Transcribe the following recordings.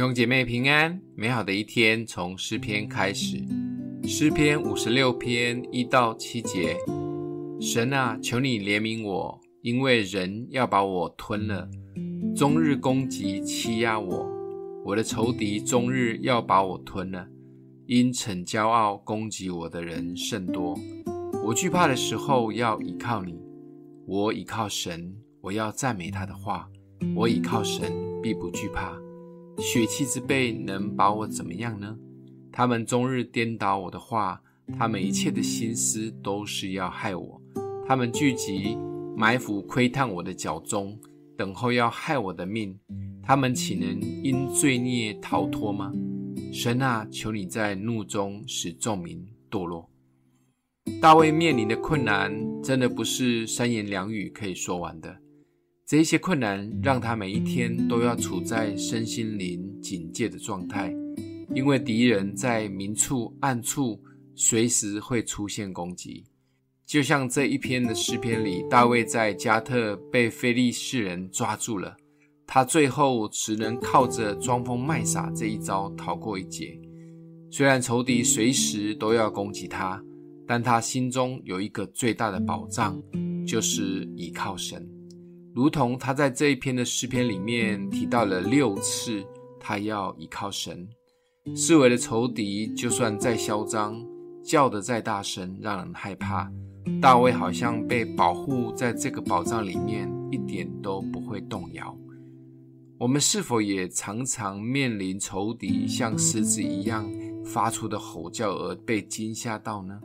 弟兄姐妹平安，美好的一天從詩篇開始。詩篇五十六篇一到七節：神啊，求你憐憫我，因為人要把我吞了，終日攻擊欺壓我。我的仇敵終日要把我吞了，因逞驕傲攻擊我的人甚多。我懼怕的時候要倚靠你，我倚靠神，我要讚美他的話。我倚靠神，必不懼怕。血氣之輩能把我怎麼樣呢？他們終日顛倒我的話，他們一切的心思都是要害我。他們聚集埋伏、窺探我的腳蹤，等候要害我的命。他們豈能因罪孽逃脫嗎？神啊，求你在怒中使眾民墮落。大衛面臨的困難，真的不是三言兩語可以說完的。這些困難讓他每一天都要處在身心靈警戒的狀態，因為敵人在明處暗處隨時會出現攻擊。就像這一篇的詩篇裡，大衛在加特被菲利士人抓住了，他最後只能靠着裝瘋賣傻這一招逃過一劫。雖然仇敵隨時都要攻擊他，但他心中有一個最大的保障，就是依靠神。如同他在這一篇的詩篇裡面提到了六次，他要依靠神。四圍的仇敵就算再囂張，叫得再大聲，讓人害怕，大衛好像被保護在這個保障裡面，一點都不會動搖。我們是否也常常面臨仇敵像獅子一樣發出的吼叫而被驚嚇到呢？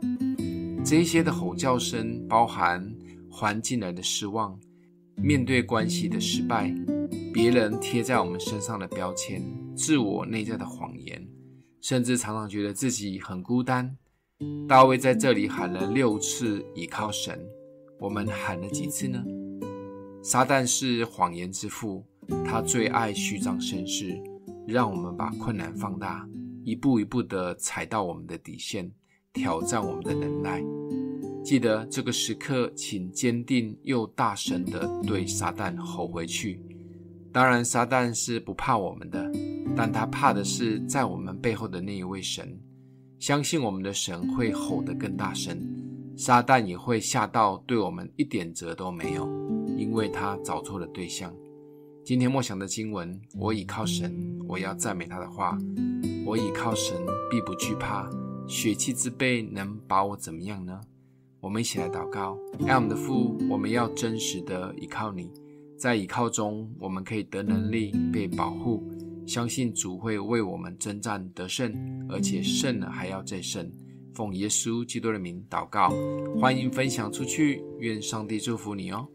這些的吼叫聲包含環境來的失望。面對關係的失敗，別人貼在我們身上的標籤，自我內在的謊言，甚至常常覺得自己很孤單。大衛在這裡喊了六次倚靠神，我們喊了幾次呢？撒旦是謊言之父，他最愛虛張聲勢，讓我們把困難放大，一步一步地踩到我們的底線，挑戰我們的能耐。記得這個時刻，請堅定又大聲地對撒旦吼回去。當然，撒旦是不怕我們的，但他怕的是在我們背後的那一位神。相信我們的神會吼得更大聲，撒旦也會嚇到，對我們一點轍都沒有，因為他找錯了對象。今天默想的經文：我倚靠神，我要讚美他的話；我倚靠神，必不懼怕。血氣之輩能把我怎麼樣呢？我們一起來禱告，愛我們的父，我們要真實的倚靠你，在倚靠中，我們可以得能力，被保護。相信主會為我們爭戰得勝，而且勝了還要再勝。奉耶穌基督的名禱告，歡迎分享出去，願上帝祝福你哦。